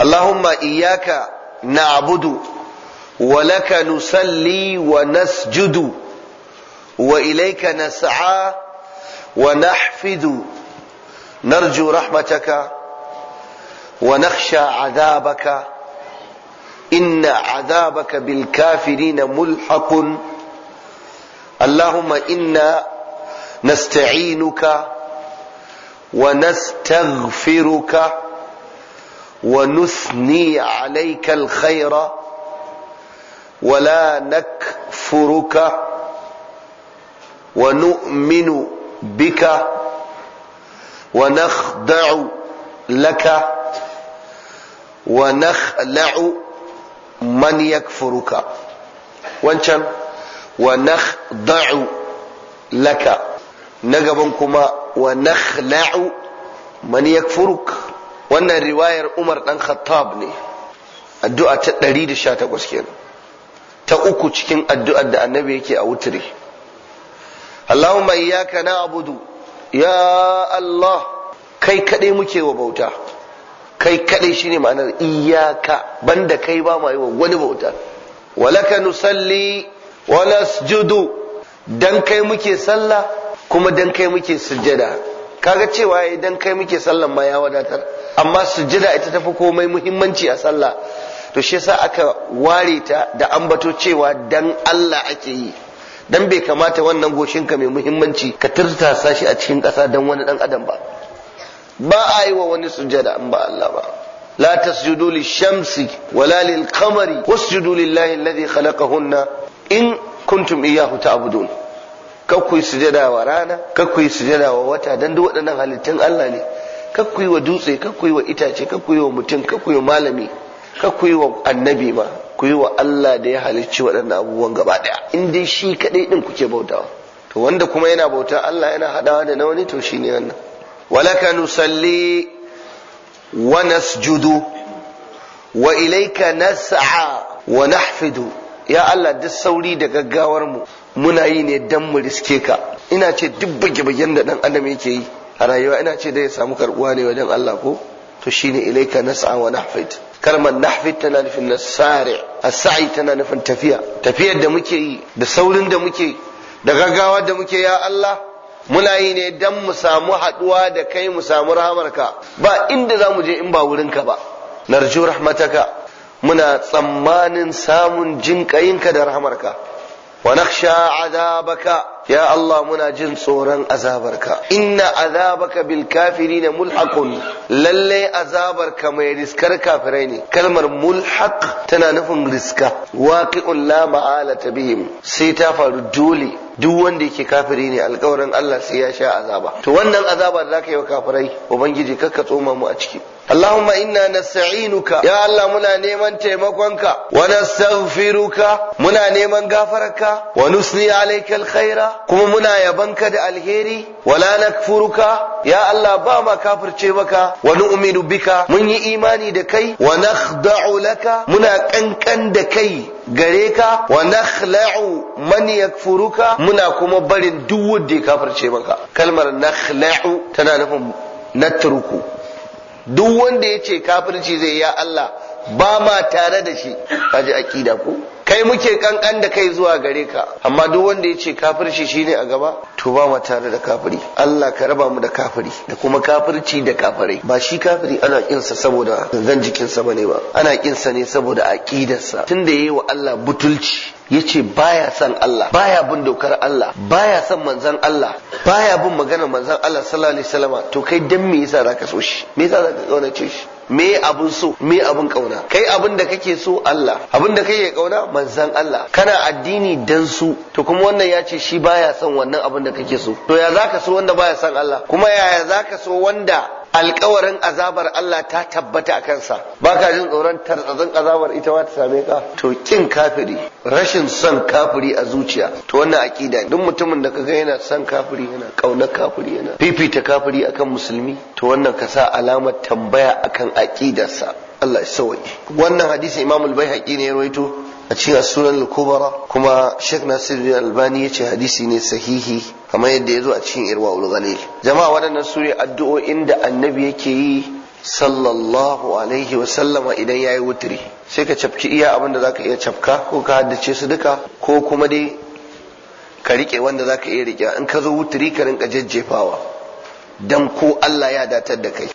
اللهم إياك نعبد ولك نصلي ونسجد وإليك نسعى ونحفد نرجو رحمتك ونخشى عذابك إن عذابك بالكافرين ملحق اللهم إنا نستعينك ونستغفرك ونثني عليك الخير ولا نكفرك ونؤمن بك ونخضع لك ونخلع من يكفرك وانشان ونخضع لك نقبنكما ونخلع من يكفرك wannan riwayar umar dan khattab ne addu'a ta 118 kenan ta uku cikin addu'ar da annabi yake a wutri Allahumma iyyaka na'budu ya Allah kai kadai muke wa bauta kai kadai shine ma'anar iyyaka banda kai ba ma yi wa wani bauta walaka nusalli wa nasjudu dan kai muke sallah kuma dan kai muke sujjada kaga cewa eh, dan kai muke sallan ma ya wadatar amma sujjada ita tafi komai muhimmanci a sallah to shi yasa aka ware ta da ambato cewa dan Allah ake yi dan bai kamata wannan goshin ka mai muhimmanci ka tirtasa shi a cikin ƙasa dan wani dan adam ba ba a yi wa wani sujada, in ba Allah ba لا تسجدوا للشمس ولا للقمر واسجدوا لله الذي خلقهن إن كنتم إياه تعبدون kakku yi sujada wa rana ka yi sujada wa wata dan duk waɗannan halittun Allah ne kakku yi wa dutse kakku yi wa itace kakku yi wa mutum kakku yi wa malami kakku yi wa annabi ma ku yi wa Allah da ya halicci waɗannan abubuwan gaba ɗaya in dai shi kaɗai ɗin kuke bautawa to wanda kuma yana bauta Allah yana haɗawa da na wani to shi ne wannan walaka nusalli wa nasjudu wa ilaika nas'a wa nahfidu ya Allah duk sauri da gaggawar mu muna yi ne dan mu riske ka ina ce duk bage-bagen da dan adam yake yi a rayuwa ina ce da ya samu karbuwa ne wajen Allah ko to shine ilaika nas'a wa nahfid kalmar nahfid tana nufin nasari as-sa'i tana nufin tafiya tafiyar da muke yi da saurin da muke da gaggawa da muke ya Allah muna yi ne dan mu samu haduwa da kai mu samu rahamarka ba inda za mu je in ba wurinka ba narju rahmataka muna tsammanin samun jinkayinka da rahamarka wa azabaka ya Allah muna jin tsoron azabarka inna azabaka bil kafirin mulhaqun lalle azabarka mai riskar kafirai ne kalmar mulhaq tana nufin riska waqi'un la ma'alata bihim sai ta faru dole duk wanda yake kafiri ne alkawarin Allah sai ya sha azaba to wannan azaba da zaka yi wa kafirai ubangiji kakka tsoma mu a ciki اللهم إنا نستعينك يا الله منا نيمان تيمكوانك ونستغفرك منا نيمان غافرك ونثني عليك الخير كم منا يبنك دا الهيري ولا نكفرك يا الله باما كافر تيمك ونؤمن بك من إيماني دكي ونخضع لك منا كنكن دكي gare ka wa nakhla'u man yakfuruka muna kuma barin duk wanda ya kafirce maka kalmar nakhla'u tana nufin natruku duk wanda ya ce kafirci zai ya Allah ba ma tare da shi kaji akida ko kai muke kankan da kai zuwa gare ka amma duk wanda ya ce kafirci shine a gaba to ba ma tare da kafiri Allah ka raba mu da kafiri da kuma kafirci da kafirai ba shi kafiri ana kinsa saboda zan jikin jikinsa bane ba ana kinsa ne saboda aqidarsa tunda yayi wa Allah butulci Ya yace baya son Allah baya bin dokar Allah baya san manzon Allah baya bin maganar manzon Allah sallallahu alaihi wasallama to kai dan me yasa zaka so shi me yasa zaka kaunace shi me abun so me abun kauna kai abin da kake so Allah abin da kake kauna manzan Allah kana addini dan su to kuma wannan ya ce shi baya son wannan abin da kake so to ya zaka so wanda baya son Allah kuma yaya zaka so wanda alkawarin azabar Allah ta tabbata a kansa ba ka jin tsoron tarzazin azabar ita ma ta same ka to kin kafiri rashin son kafiri a zuciya to wannan akida duk mutumin da kaga yana son kafiri yana kauna kafiri yana fifita kafiri akan musulmi to wannan ka sa alamar tambaya akan akidarsa Allah ya sauke wannan hadisi Imam al-Baihaqi ne ya rawaito a cikin as-Sunan al-Kubra kuma Sheikh Nasir al-Albani yace hadisi ne sahihi kamar yadda ya zo a cikin irwa ulghalil jama'a waɗannan sune addu'o'in da annabi yake yi sallallahu alaihi wasallama idan ya yi wuturi sai ka cafki iya abin da za ka iya cafka ko ka haddace su duka ko kuma dai ka riƙe wanda za ka iya riƙe in ka zo wuturi ka rinka jajjefawa don ko Allah ya datar da kai